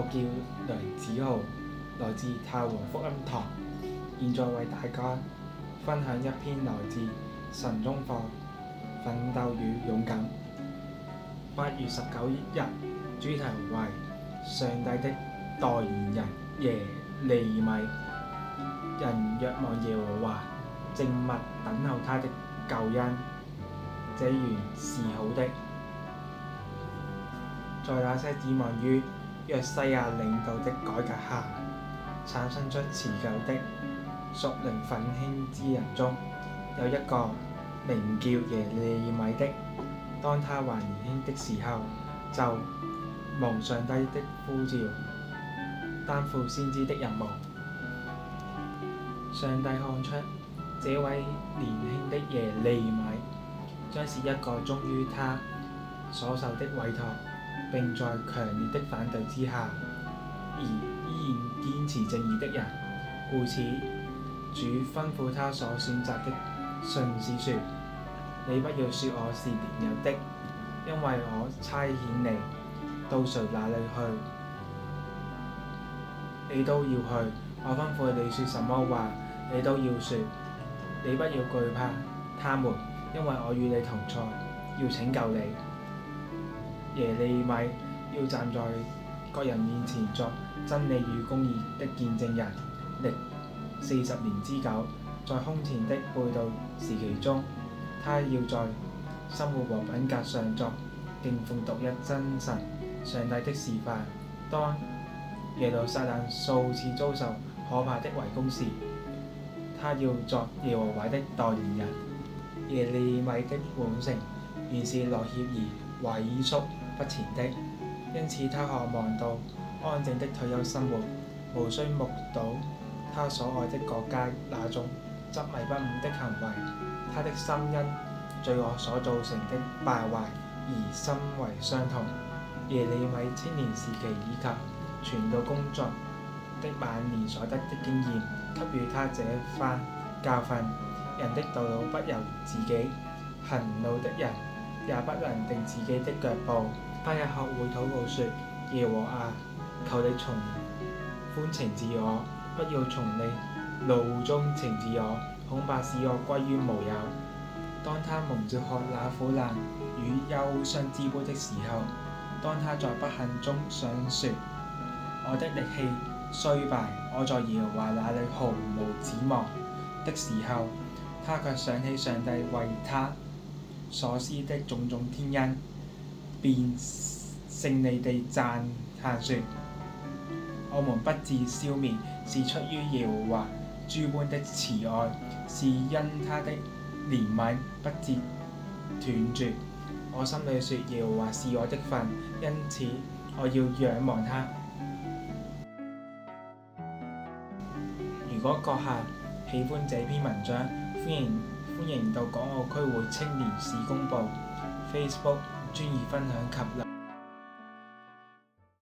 我叫梁子豪，來自太和福音堂，現在為大家分享一篇來自神中課：《奮鬥與勇敢》。八月十九日主題為“上帝的代言人耶利米，人仰望耶和華，靜默等候他的救恩，這原是好的。在那些指望於……約西亞領導的改革下，產生出持久的屬靈奮興之人中，有一個名叫耶利米的。當他還年輕的時候，就蒙上帝的呼召，擔負先知的任務。上帝看出這位年輕的耶利米將是一個忠於他所受的委託，並在強烈的反對之下，而依然堅持正義的人，故此主吩咐他所選擇的先知說：你不要說我是年幼的，因為我差遣你到誰那裏去，你都要去；我吩咐你說什麼話，你都要說。你不要懼怕他們，因為我與你同在，要拯救你。耶利米要站在國人面前作真理與公義的見證人，歷四十年之久，在空前的背道時期中，他要在生活和品格上作敬奉獨一真神上帝的示範。當耶路撒冷數次遭受可怕的圍攻時，他要作耶和華的代言人。耶利米的本城原是羅歇兒。畏縮不前的，因此他渴望到安靜的退休生活，無需目睹他所愛的國家那種執迷不悟的行為。他的心因罪惡所造成的敗壞而深為傷痛。耶利米青年時期以及傳道工作的晚年所得的經驗，給予他這番教訓：人的道路不由自己，行路的人。也不能定自己的腳步。他也學會禱告說：耶和華啊，求你從寬懲治我，不要從你怒中懲治我，恐怕使我歸於無有。當他蒙著喝那苦難與憂傷之杯的時候，當他在不幸中想說：我的力氣衰敗，我在耶和華那裡毫無指望的時候，他卻想起上帝為他。所思的種種天恩，便勝利地讚歎説：我們不致消滅，是出於耶和華諸般的慈愛，是因他的憐憫不致斷絕。我心裏説：耶和華是我的份，因此我要仰望他。如果閣下喜歡這篇文章，歡迎。歡迎到港澳區會青年事工部 Facebook 專頁分享及。